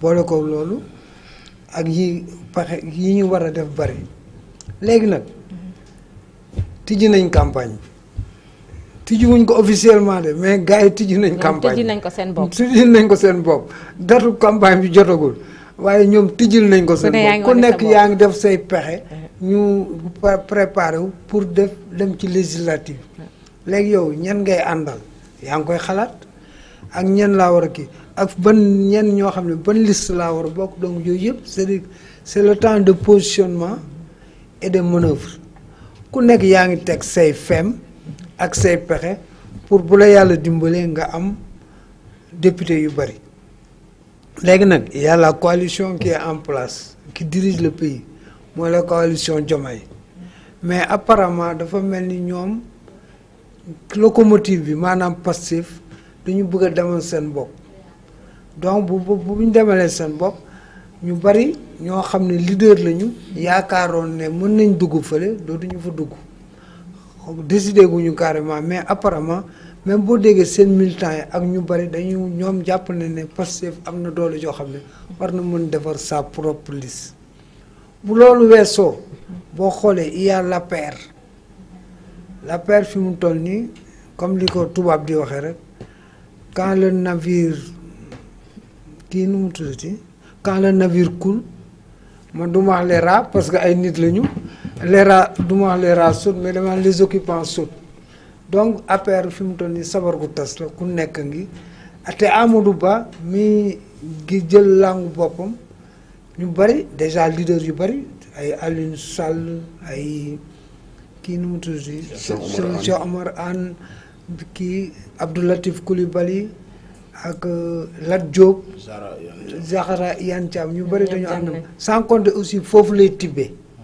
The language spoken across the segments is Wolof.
boole ko loolu ak yi paxe yi ñu war a def bari léegi nag tijji nañ campagne tijji wuñ ko officiellement de mais gars yi tijji nañ campagne tijji nañ ko seen bopp tijji nañ ko seen bopp datu campagne bi jotagul waaye ñoom tijjil nañ ko seen bopp ku nekk yaa ngi def say pexe eh. ñu préparé wu pour def dem ci législative eh. léegi yow ñan ngay àndal yaa ngi koy xalaat ak ñan laa war a ki ak ban ñenn ñoo xam ne ban list laa war a bokk donc yooyu yëpp cest à le temps de positionnement et de manœuvre ku nekk yaa ngi teg say fem ak say pexe pour bu la yàlla dimbalee nga am député yu bari léegi nag yàlla a la coalition qui est en place ki dirige le pays mooy la coalition Diomaye mais apparemment dafa mel ni ñoom locomotive bi maanaam Pastef dañu bëgg a demal seen bopp donc bu bu bu demalee seen bopp ñu bari ñoo xam ne leader lañu yaakaaroon ne mën nañ dugg fële duñu fa dugg décidé ñu carrément mais apparemment même boo déggee seen militant yi ak ñu bari dañu ñoom jàpp ne ne Pastef am na doole joo xam ne war na mën defar sa propre liste bu loolu weesoo boo xoolee il y a l'APR l'APR fi mu toll nii comme li ko tubaab di waxee rek quand le navire kii nu mu ma wax les parce que ay nit lañu ñu les rats du mais dama les occupants sautent donc affaire fi mu toll nii sabar gu tas la ku nekk ngi te Amadou Ba mi gi jël langu boppam ñu bari déjà leader yu bari ay Alioune Sall ay kii nu mu tuddati Cheikh Omar Anne kii Abdoulatif Coulibaly ak euh, Lat Diop. Zahra Iyane Thiam ñu bëri dañu ànd. sans compter aussi foofu lay tibbee. Mm.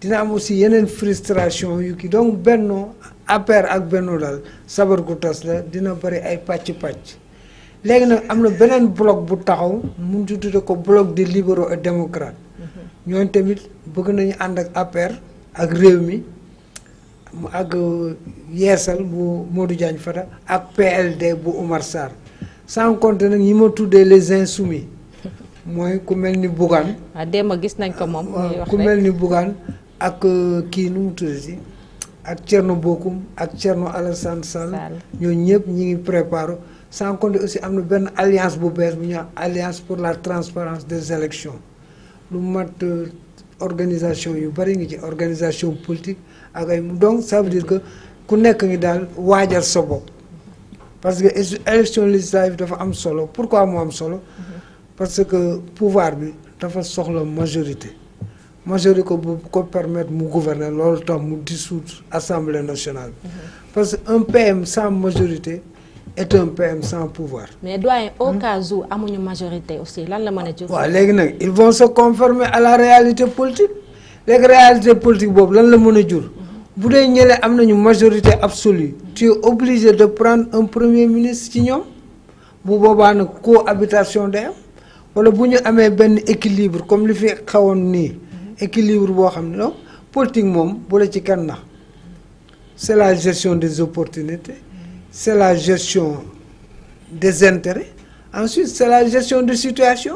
dina am aussi yeneen frustration yu kii donc bennoo APR ak Benno daal sabar gu tas la dina bëri ay pàcc pàcc. léegi nag am na beneen bloc bu taxaw mu ci tudde ko bloc des libéraux et démocrates. Mm-hmm. ñooñu tamit bëgg nañu ànd ak APR ak réew mi ak euh, yeesal bu Modou Diagne Fada ak PLD bu Oumar Sarr. sans compter nag ñi ma tuddee les insoumis mooy ku mel ni Bougane. ah démb gis nañ ko moom. ku mel ni Bougane ak euh, kii nu mu tudd si ak Thierno Bocoum ak Thierno Alassane Sall. ñoo ñëpp ñi ngi préparé sans compter aussi am na benn alliance bu bees bu ñuy alliance pour la transparence des élections lu mat euh, organisation yu bari ngi ci organisation politique ak ay donc sa veut dire que ku nekk ngi daal waajal sa bopp. parce que élection législative dafa am solo pourquoi mu am solo parce que pouvoir bi dafa soxla majorité majorité ko bu ko permettre mu gouverner loolu tax mu dissoudre assemblée nationale bi parce que un PM sans majorité est un PM sans pouvoir. mais doyen au cas où amuñu majorité aussi lan la mën a jur. waaw léegi nag ils vont se conformer à la réalité politique léegi réalité politique boobu lan la mën a jur. bu dee ñële am nañu majorité absolue tu es obligé de prendre un premier ministre ci ñoom bu boobaa nag cohabitation day am wala bu ñu amee benn équilibre comme li fi xawoon nii équilibre boo xam ne donc politique moom bu ci kenn na c'est la gestion des opportunités c'est la gestion des intérêts ensuite c'est la gestion de situation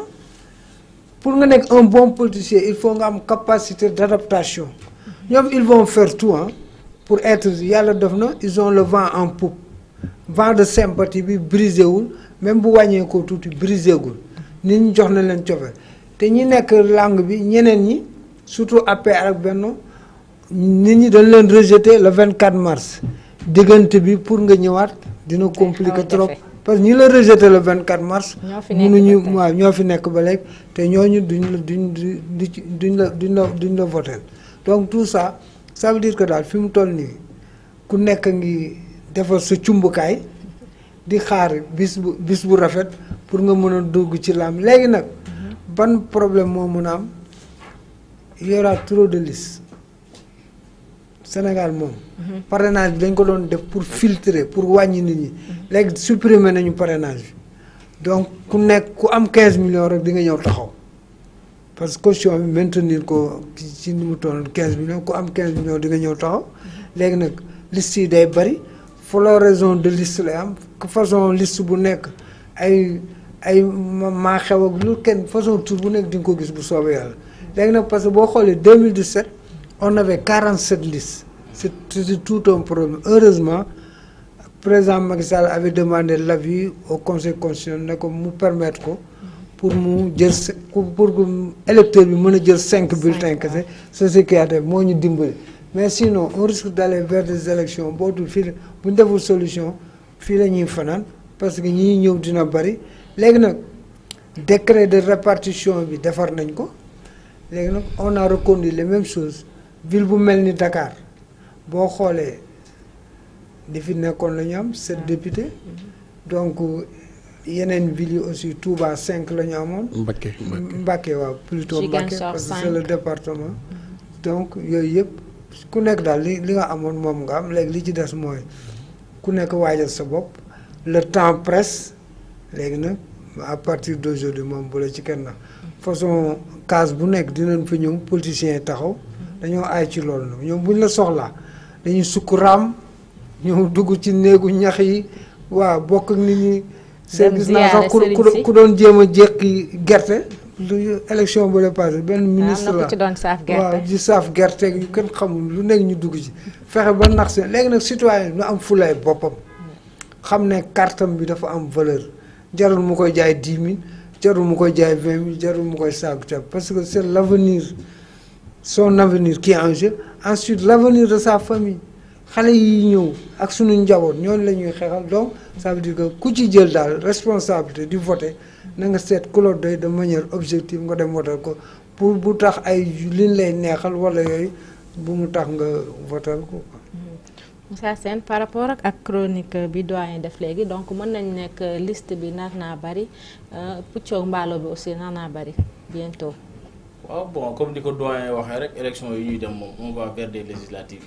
pour nga nekk un bon politicien il faut nga am capacité d'adaptation ñoom il vont faire tout hein, pour être yàlla def na ils ont le vent en poupe vent de sympathie bi brisé wul même bu wàññeekoo tuuti brisé gul nit ñi jox na leen cofeel te ñi nekk langue bi ñeneen ñi surtout APR ak Benno nit ñi dañ leen rejeté le 24 mars diggante bi pour nga ñëwaat dina compliqué ah, trop parce que ñi la rejeté le 24 mars. mënuñu waaw ñoo fi nekk ba léegi te ñoo ñooñu duñ la duñ duñ la duñ la voté. donc tout ça ça veut que daal fi mu toll nii ku nekk ngi defar su cumbukaay di xaar bis bu bis bu rafet pour nga mën a dugg ci làmb léegi nag ban problème moo mën a am il y trop de listes Sénégal moom. Mhm. parrainage bi dañ ko doon def pour filtrer pour wàññi nit ñi. Mhm. léegi supprimer nañu parenage bi donc ku nekk ku am 15 millions rek di nga ñëw taxaw. parce que caution bi maintenir ko ci ni mu toll 15 millions ku am 15 millions di nga ñëw taxaw mm-hmm. léegi nag liste yi day bari floraison de liste lay am façon list bu nekk ay ay maa xew ak lu kenn façon tour bu nekk di nga ko gis bu soobee yàlla léegi nag parce que boo deux xoolee 2017 on avait 47 listes c'est c'est tout un problème heureusement président Macky Sall avait demandé l'avis au conseil constitutionnel ne ko mu permettre ko. pour mu jël pour que électeur bi mën a jël cinq bulletins kese société moo ñu dimbali mais sinon on risque d'aller vers des boo bootul fii bu ñu deful solution fii lañuy fanaan parce que ñii ñëw dina bari léegi nag décret de répartition bi defar nañ ko léegi nag on a reconduit les mêmes choses ville bu mel ni dakaar boo xoolee li fi nekkoon la ñu am sept députés mm-hmm. donc yeneen ville yi aussi Touba cinq la ñu amoon. Mbakke Mbakke waaw plutôt Mbakke parce que la le donc yooyu yëpp ku nekk daal li li nga amoon moom nga am léegi li ci des mooy ku nekk waajal sa bopp le temps presse léegi nag à partir de jour de moom bu la ci kenn na façon case bu nekk dinañ fi ñëw politiciens yi taxaw dañoo aay ci lool nag ñoom buñ la soxlaa dañuy sukk raam ñëw dugg ci néegu ñax yi waa bokk ak nit ñi. dem gis naa sax ku ku doon jéem a jékki gerte. lu élection bu la passé benn ministre la ci doon saaf gerte waaw ji saaf gerte yu kenn xamul lu nekk ñu dugg ci. fexe ba nax si léegi nag citoyen nu am fulay boppam. xam ne kartam bi dafa am valeur jarul mu koy jaay dix mille jarul mu koy jaay vingt mille jarul mu koy saaku ceeb parce que c'est l'avenir son avenir qui est en jeu ensuite l'avenir de sa famille. xale yi ñëw ak suñu njaboot ñooñu la ñuy xeexal donc ça veut dire que ku ci jël daal responsabilité di voter na nga seet ku la doy de manière objective nga dem voter ko pour bu tax ay liñ lay neexal wala yooyu bu mu tax nga voter ko. Moussa seen par rapport ak ak chronique bi doy def léegi donc mën nañ nekk liste bi nar naa bari euh, puccoo mbaalo bi aussi nar naa bari bientôt. waaw bon comme ni ko doyen waxee rek élection yi ñuy dem moom on va vers des législatives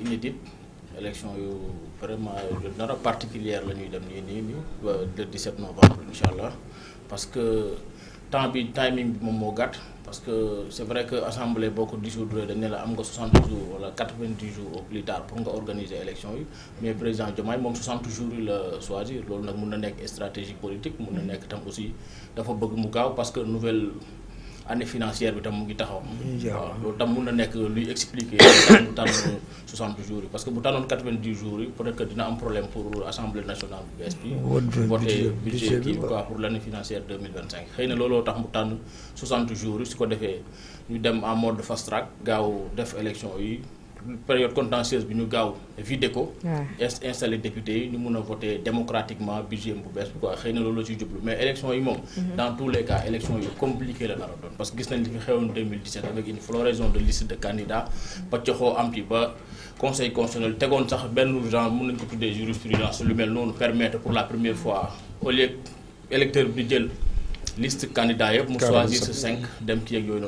élection yu vraiment yu nar a particulière la ñuy dem nii nii nii le 17 novembre incha allah parce que temps bi timing bi moom moo gàtt parce que c' est vrai que assemblée boo ko dissoudre dañ ne la am nga 60 jours wala 90 jours au plus tard pour nga organiser élection yi mais président Diomaye moom 60 jours yi la choisir loolu nag mun na nekk stratégie politique mun na nekk tam aussi dafa bëgg mu gaaw parce que nouvelle. année financière bi tam mu ngi taxaw. waaw loolu tam mun na nekk luy expliquer mu tànn 60 jours yi parce que bu tànnoon 90 jours yi peut-être que dina am problème pour assemblée nationale bu bees bi. voté budget bi quoi pour l' année financière 2025. xëy na looloo tax mu tànn 60 jours yi su ko defee ñu dem en mode fast track gaaw def élection yi. période contentieuse bi ñu gaaw vidé ko. député ñu mun a voter démocratiquement budget bu bees bi quoi xëy loolu la jublu mais élection yi moom. Mm-hmm. dans tous les cas élection yu compliqué la nar a doon. parce que gis nañ fi xewoon 2017 avec floraison de liste de candidats mm-hmm. pàccaxoo am ci ba conseil constitutionnel tegoon sax benn genre mun nañ ko tuddee jurisprudence lu mel noonu permettre pour la première fois au lieu électeur bi jël. list candidat yëpp mu choisir sa cinq dem ki yeeg yooyu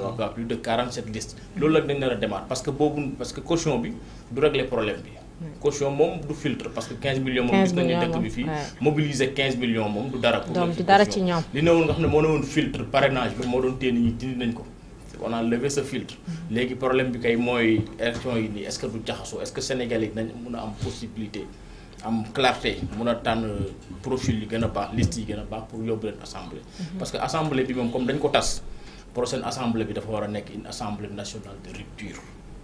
loolu nag dañ nar a démarrer parce que boobu parce que caution bi du régler problème bi caution moom du filtre parce que 15 millions moom du dara pour donc du dara ci ñoom li ne woon nga xam ne moo ne woon filtre parrainage bi moo doon tee dindi nañ ko on a levé ce filtre mm-hmm. léegi problème bi kay mooy élection yi nii est-ce que du jaxasoo est-ce yi mun a am possibilité am clarté mun a tànn profil yi gën a baax liste yi gën a baax pour yóbbu leen assemblée. Mhm. parce que assemblée bi moom comme dañ ko tas prochaine assemblée bi dafa war a nekk une assemblée nationale de rupture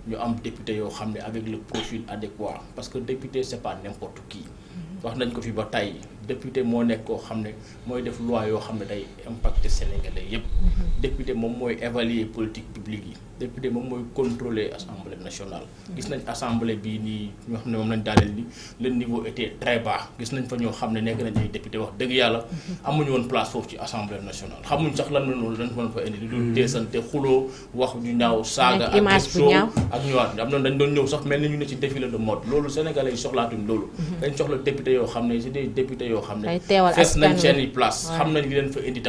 ñu am député yoo xam ne avec le profil adéquat parce que député c'est pas n'importe qui. Mhm. wax nañ ko fi ba tey. député moo nekk koo xam ne mooy def loi yoo xam ne day impacter sénégalais yépp mm-hmm. député moom mooy évaluer politique publique yi député moom mooy contrôler assemblée nationale mm-hmm. gis nañ assemblée bi nii ñoo xam ne moom lañ daaneel ni le niveau était très bas gis nañ fa ñoo xam ne mm-hmm. la loolu lañ fa mën fa indi lu teesante dañ doon ñëw sax mel ni ñu ne ci défilé de mode loolu sénégalais yi soxlaatuñ loolu dañ soxla député yoo xam ne c'est des députés yoo xam ne fees nañ seen i place xam nañ leen fa indi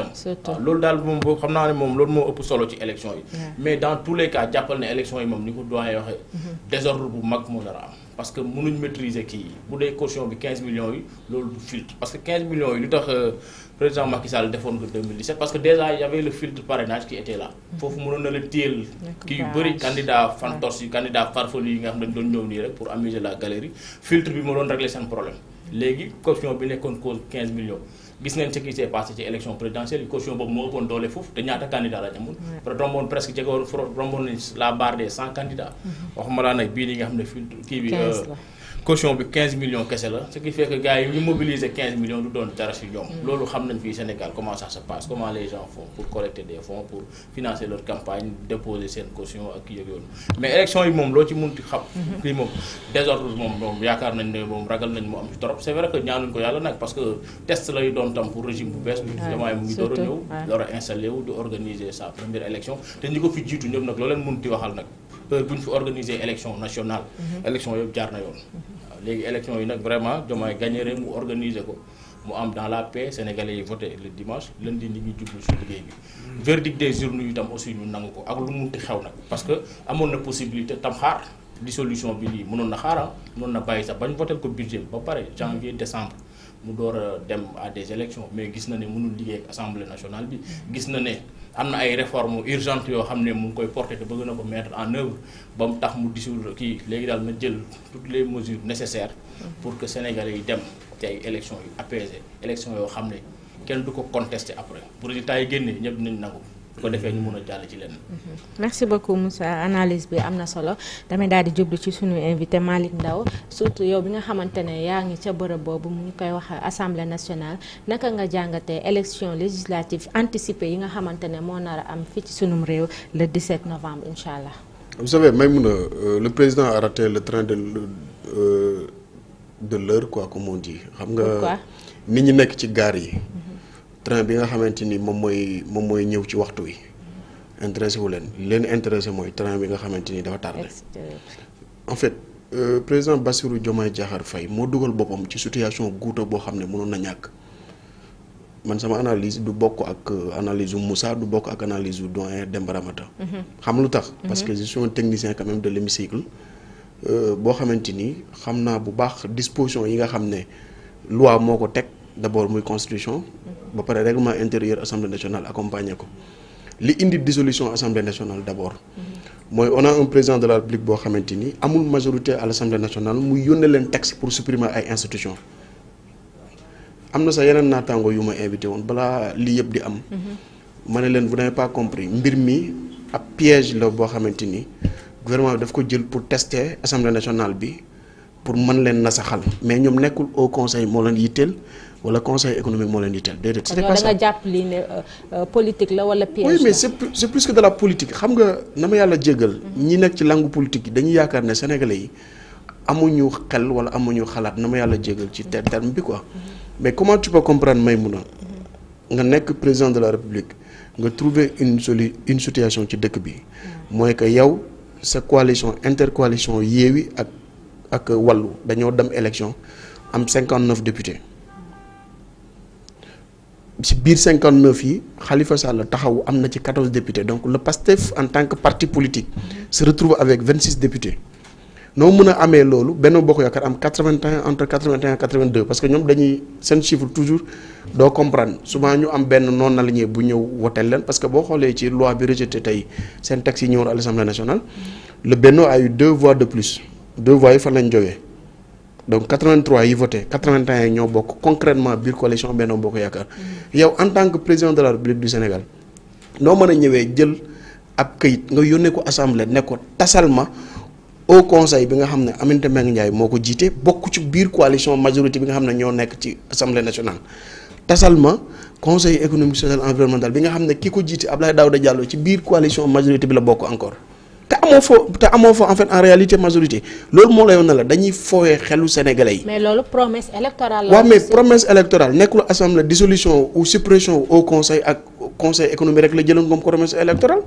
loolu daal moom boobu xam naa ne moom loolu moo ëpp solo ci élection yi mais dans tous les jàppal ne élection yi moom ni ko doyen waxee mhm. désordre bu mag moo dara am parce que mënuñ maîtriser kii yi bu dee caution bi 15 millions yi loolu filtre parce que 15 millions yi lu euh, filtre parrainage qui était mhm. foofu mënoon na la téyel kii yu bëri candidat fantos yi candidat farfelu yi nga xam ne doon ñëw léegi caution bi nekkoon cause 15 millions gis ngeen ce qui s'est ci élection présidentielle caution boobu moo ëppoon doole foofu te ñaata candidat la amoon. romboon presque jege woon romboon nañ la barre des 100 candidats. Mm-hmm. waxuma laa nag bii li nga xam ne fii kii bi. 15 euh, la caution bi 15 millions kese la ce qui fait que yi ñu mobiliser millions du doon dara si ñoom. Mm. loolu xam nañ fii Sénégal comment ça passe comment les gens font pour collecter des fonds pour financer leur campagne déposer seen caution ak yooyu mais élection yi moom loo ci munti xam. kii mm-hmm. moom désordre moom moom yaakaar nañ ne moom ragal nañ mu am trop c'est vrai que ñaanuñ ko yàlla nag parce que test lay doon tam pour régime bu bees. waaw mu a léegi élection yi nag vraiment Diomaye gagné rek mu organiser ko mu am dans la paix sénégalais yi voté le dimanche lundi nit ñi jublu si liggéey bi. Mm. verdict des urnes yu tam aussi ñu nangu ko ak lu mu munti xew nag parce que amoon na possibilité tam xaar di solution bi lii mënoon na xaaram ah, mënoon na bàyyi sax bañ voté ko budget ba pare janvier décembre. mu door dem à des élections mais gis na ne mënul liggéey ak assemblée nationale bi gis na ne am na ay réformes urgentes yoo xam ne mu ngi koy porter te bëgg na ko mettre en œuvre ba mu tax mu dissoudre kii léegi daal na jël toutes les mesures nécessaires pour que sénégalais yi dem tey ay élections yu apaisées élections yoo xam ne kenn du ko contester après bu résultat yi génnee ñëpp nañ nangu bu ko defee ñu mën a jàll ci lenn. Mhm. merci beaucoup Moussa analyse bi am na solo tamit daal di jublu ci suñu invité Malick ndaw surtout yow bi nga xamante ne yaa ngi ca bërëb boobu mu ñu koy wax assemblée nationale naka nga jàngatee élection législative anticipée yi nga xamante ne moo nar am fii ci sunum réew le 17 novembre incha allah. vous savez Maïmouna euh, le président a le train de euh, de l'heure quoi comme on xam nga nit ñi nekk ci gaar yi. Mhm. train bi nga xamante ni moom mooy moom mooy ñëw ci waxtu wi intéressé wu leen leen intéressé mooy train bi nga xamante ni dafa tardé en fait euh, président Bassirou Diomaye Diakhar fay moo dugal boppam ci situation guuta boo xam ne mënoon na ñàkk man sama analyse du bokk ak euh, analyse u Moussa du bokk ak analyse u doyen Demba Ramata mhm. xam lu tax mhm. parce que je suis un technicien quand même de l'hémicycle euh, boo xamante ni xam naa bu baax disposition yi nga xam ne loi moo ko teg d'abord muy constitution mhm. ba pare règlement intérieur assemblée nationale accompagné ko li indi dissolution assemblée nationale d' abord. Mm-hmm. mooy on un président de la république boo xamante ni amul majorité à l' assemblée nationale mu yónnee leen texte pour supprimer ay institutions. am na sax yeneen naataango yu ma invité woon balaa lii yëpp di am. Mm-hmm. ma ne leen vous n'avez pas compris mbir mi ab piège la boo xamante ni gouvernement bi daf ko jël pour tester assemblée nationale bi pour mën leen nasaxal mais ñoom nekkul au conseil wala conseil économique moo leen di teel déedéet. c'était pas ça da nga jàpp lii ne euh, euh, politique la wala piège. c'est plus que de la politique xam nga na ma yàlla jéggal. Mhm. ñi nekk ci langue politique yi dañu yaakaar ne sénégalais yi amuñu xel wala amuñu xalaat na ma yàlla jéggal ci terme bi ko mhm. mais comment tu peux comprendre Maïmouna mhm. nga nekk président de la république nga trouver une soli une situation ci dëkk bi mooy que yow sa coalition intercoalition Yewwi ak ak Wallu dañoo dem élection am 59 députés. ci biir 59 yi Khalifa Sall taxawu am na ci 14 députés donc le PASTEF en tant que parti politique se retrouve avec 26 députés noo mën a amee loolu Benno Bokk Yaakaar am 81 entre 81 et 82 parce que ñoom dañuy seen chiffre toujours doo comprendre souvent ñu am benn non aligné bu ñëw woteel leen parce que boo xoolee ci loi bi rejeté tey seen texte yi ñëwoon à nationale le Benno a eu deux voix de plus deux voix yi fan lañ jógee. donc 83 yi voté 81 yi ñoo bokk concrètement biir coalition Benno Bokk Yaakaar yow en tant que président de la République du Sénégal noo mën a ñëwee jël ab kayit nga yónnee ko assemblée ne ko tasal ma au conseil bi nga xam ne amante Mbengue Ndiaye moo ko jiite bokk ci biir coalition majorité bi nga xam ne ñoo nekk ci assemblée nationale tasal ma conseil économique social environnemental bi nga xam ne ki ko jiite Abdoulaye Daouda Diallo ci biir coalition majorité bi la bokk encore te amoo fa te amoo fa en fait en réalité majorité loolu moo lay woon na la dañuy foowee xelu sénégalais yi. mais loolu promesse électorale la. waaw mais promesse électorale nekkul assemblée dissolution ou suppression au conseil ak conseil économique rek la jëloon comme promesse électorale.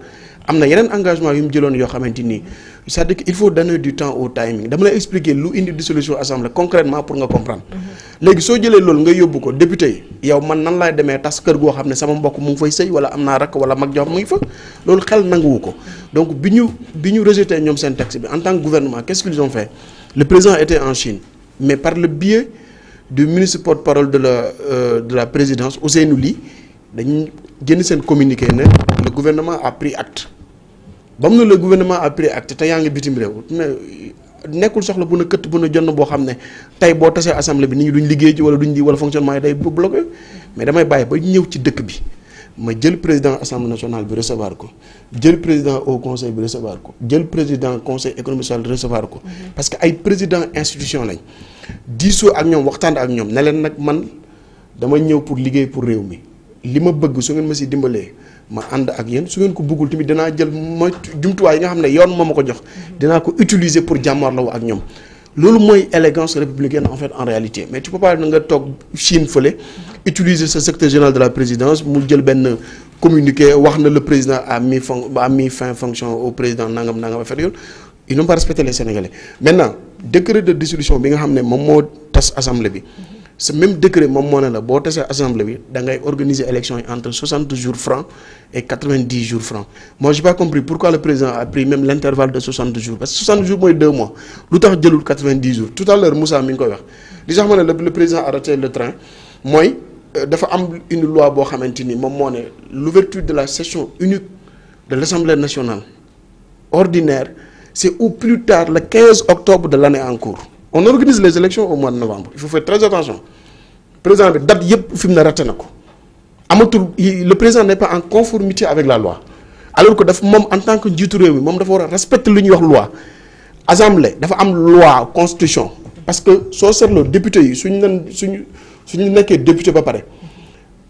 am na yeneen engagement yu mu jëloon yoo xamante ni cest à que il faut donner du temps au timing dama lay expliquer lu indi dissolution assemblée concrètement pour nga comprendre. Mhm. léegi soo jëlee loolu nga yóbbu ko député yow man nan laay demee tas kër goo xam ne sama mbokk mu ngi fay sëy wala am naa rakk wala mag jox mu ngi fa loolu xel nanguwu ko donc bi ñu bi ñu rejeté ñoom seen texte bi en tant que gouvernement qu'est-ce qu'ils fait le président par le biais du ministre porte-parole de la euh, de la présidence dañuy génn seen communiqué ne le gouvernement a pris acte ba mu ne le gouvernement a pris acte te yaa ngi bitim réew nekkul soxla bu na këtt bu na jonn boo xam ne tey boo tasee assemblée bi nit ñi duñ liggéey ci wala duñ di wala fonctionnement yi day bloqué mais damay bàyyi ba ñëw ci dëkk bi ma jël président assemblée nationale bi recevoir ko jël président au conseil bi recevoir ko jël président conseil économique social recevoir ko. Mm-hmm. parce que ay président institution lañ diisoo ak ñoom waxtaan ak ñoom ne leen nag man dama ñëw pour liggéey pour réew mi. li ma bëgg su ngeen ma si dimbalee ma ànd ak yéen su ngeen ko bëggul tamit danaa jël ma jumtuwaay yi nga xam ne yoon moom ma ko jox dinaa ko utiliser pour jàmmarloo ak ñoom loolu mooy élégance républicaine en fait en réalité mais tu peux pas na nga toog Chine fële utiliser sa secrétaire général de la présidence mu jël benn communiqué wax na le président a mis fon a mis fin fonction au président nangam nangam affaire yooyu ils n'ont pas respecté les Sénégalais maintenant décret de dissolution bi nga xam ne moom moo tas assemblée bi ce même décret moom moo ne la boo tasee assemblée bi da ngay organiser élection entre soixante jours francs et quatre vingt dix jours francs moi j'ai pas compris pourquoi le président a pris même l' intervalle de soixante jours parce que soixante jours mooy deux mois lu tax jëlul quatre vingt dix jours tout à l'heure mi ngi koy wax li sax ma ne le président arrêté le train mooy euh, dafa am une loi boo xamante ni moom moo ne l'ouverture de la session unique de l' assemblée nationale ordinaire c' est au plus tard le 15 octobre de l' année en on organise les élections au mois de novembre il faut faire très attention président bi date yëpp fi mu ne raté na ko amatul le président n'est pas en conformité avec la loi alors que daf moom en tant que njiitu réew mi moom dafa war a respecter lu ñu wax loi assemblée dafa am loi constitution parce que soo seetloo député yi suñu leen suñu suñu nekkee député ba pare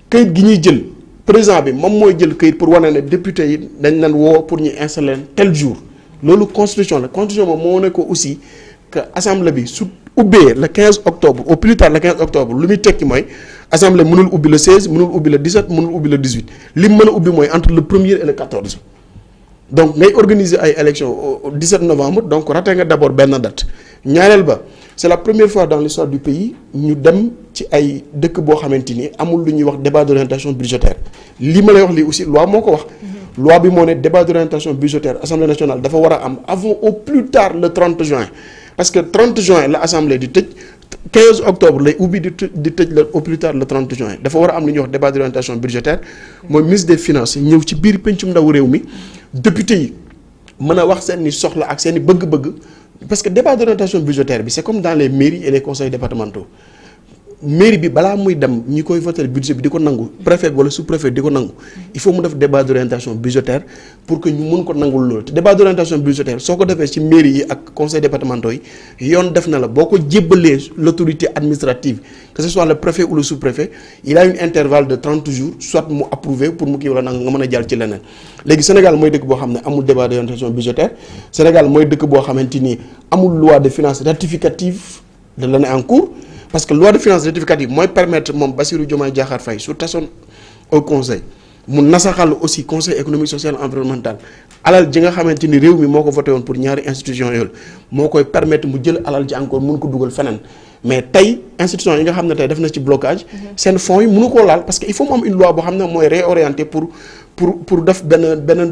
kayit gi ñuy jël président bi moom mooy jël kayit pour wane ne député yi dañ leen woo pour ñu installer tel jour loolu constitution la constitution moom moo ne ko aussi que assemblée bi su ubbee le 15 octobre au plus tard le 15 octobre lu muy tekki mooy assemblée mënul ubbi le 16 mënul ubbi le 17 mënul ubbi le 18 li mën a ubbi mooy entre le premier et le 14. donc ngay organiser ay élections au 17 novembre donc raté nga d' abord benn date ñaareel ba c' la première fois dans l'histoire du pays ñu dem ci ay dëkk boo xamante ni amul lu ñuy wax débat d' orientation budgétaire li ma lay wax lii aussi loi moo ko wax. Mm-hmm. loi bi moo ne débat d' orientation budgétaire assemblée nationale dafa war am avant le 30 juin. parce que 30 juin la assemblée di tëj 15 octobre lay ubbi di di tëj la au plus tard le juin dafa war a am lu ñuy wax débat d'orientation budgétaire mooy ministre des finances ñëw ci biir pencum ndaw réew mi député yi mën a wax seen i soxla ak seen bëgg-bëgg parce que débat d'orientation budgétaire bi c'est comme dans les et les conseils départementaux mairie bi balaa muy dem ñi koy voter budget bi di ko nangu préfet bi wala sous préfet di ko nangu il faut mu def débat d'orientation budgétaire pour que ñu mun ko nangul loolu te débat d'orientation budgétaire soo ko defee ci mairie yi ak conseil départementaux yi yoon def na la boo ko jébbalee l'autorité administrative que ce soit le préfet ou le sous préfet il a une intervalle de 30 jours soit mu approuver pour mu kii wala nangu nga mën a jàll ci leneen léegi Sénégal mooy dëkk boo xam ne amul débat d'orientation budgétaire Sénégal mooy dëkk boo xamante ni amul loi de finances rectificative de l'année en cours parce que loi de finances rectificative mooy permettre moom Bassirou Diomaye Diakhar Faye su tasoon au conseil mu nasaxal aussi conseil économique social environnemental alal ji nga xamante ni réew mi moo ko voté woon pour ñaari institution yooyu moo koy permettre mu jël alal ji encore mun ko dugal feneen mais tey institution yi nga xam ne tey def na ci blocage seen fonds yi mënu koo laal parce que il faut mu am une loi boo xam ne mooy réorienter pour pour pour def benn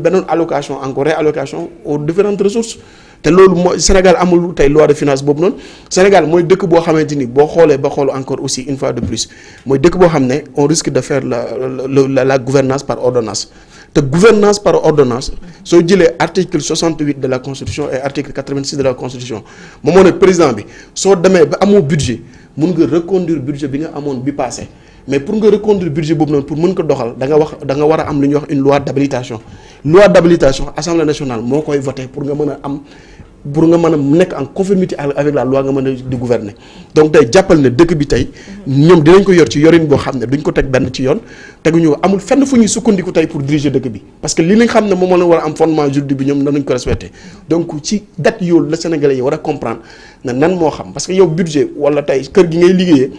te loolu mooy Sénégal amul tey loi de finance boobu noonu Sénégal mooy dëkk boo xamante ni boo xoolee ba xool encore aussi une fois de plus mooy dëkk boo xam ne on risque de faire la la gouvernance par ordonnance te gouvernance par ordonnance soo jëlee article 68 de la constitution et article 86 de la constitution moom moo ne président bi soo demee ba amoo budget mun nga reconduire budget bi nga amoon bi passé mais pour nga reconduire budget boobu noonu pour mën ko doxal da wax da war a am lu ñuy wax une loi d'habilitation loi d'habilitation assemblée nationale moo koy voté pour nga mën a am pour nga mën a nekk en conformité avec la loi nga mën a di gouverner donc tey jàppal ne dëkk bi tey ñoom dinañ ko yor ci yorin boo xam ne duñ ko teg benn ci yoon ñu amul fenn fu ñuy sukkandiku tey pour diriger dëkk bi parce que li nga xam ne moom moo am fondement juridique bi ñoom nanuñ ko respecté donc ci a comprendre nan moo xam parce que yow budget wala tey kër gi ngay liggéeyee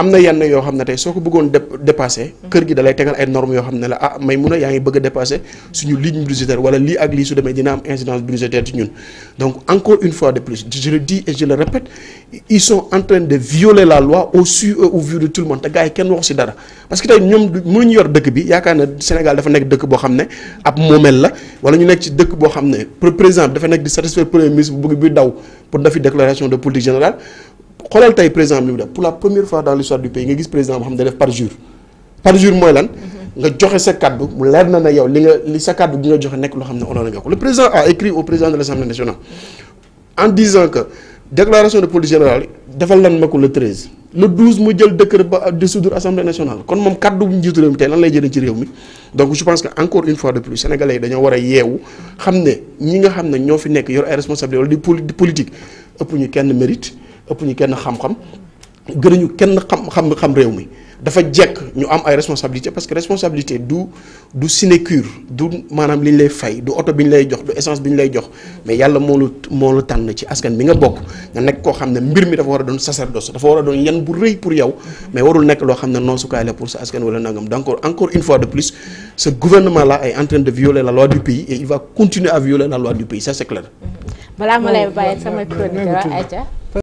am na yenn yoo xam ne tey soo ko bëggoon dépassé kër gi dalay tegal ay normes yoo xam ne la ah may mun a yaa ngi bëgg a dépassé suñu ligne budgétaire wala lii ak lii su demee dina am incidence budgétaire ci ñun donc encore une fois de plus je le dis et je le répète ils sont de violer la loi au su euh, au vu de te gars kenn waxu si dara parce que tey ñoom mënuñu yor dëkk bi yaakaar na Sénégal dafa nekk dëkk boo xam ne ab moomeel la wala ñu nekk ci dëkk boo xam ne président dafa nekk di satisfaire xoolal tey président li mu def pour la première fois dans l'histoire du pays nga gis président boo xam ne def parjure parjure mooy lan mhm. nga joxe sa kaddu mu leer na ne yow li nga li sa kaddu gi nga joxe nekk loo xam ne honoré nga ko le président a écrit au président de l'Assemblée nationale en disant le 13 le 12 mu jël décret ba dissoudre assemblée nationale kon moom kaddu njiitu réew mi tey lan lay jëlee ci réew mi donc je pense que encore une fois de plus sénégalais yi dañoo war a yeewu xam ne ñi nga xam ne ñoo fi nekk yor ay responsabilité wala di politique ëpp ñu ëpp ñu kenn xam-xam gënuñu kenn xam xam xam réew mi dafa jekk ñu am ay responsabilité parce que responsabilité du du du maanaam li ñu lay fay du oto bi ñu lay jox du essence bi ñu lay jox mais yàlla moo lu moo lu tànn ci askan bi nga bokk nga nekk koo xam ne mbir mi dafa war a doon sacerdoce dafa war a doon yan bu rëy pour yow mais warul nekk loo xam ne non sukaay la pour sa askan wala nangam donc encore une fois de plus ce gouvernement là la loi du pays et il va continuer à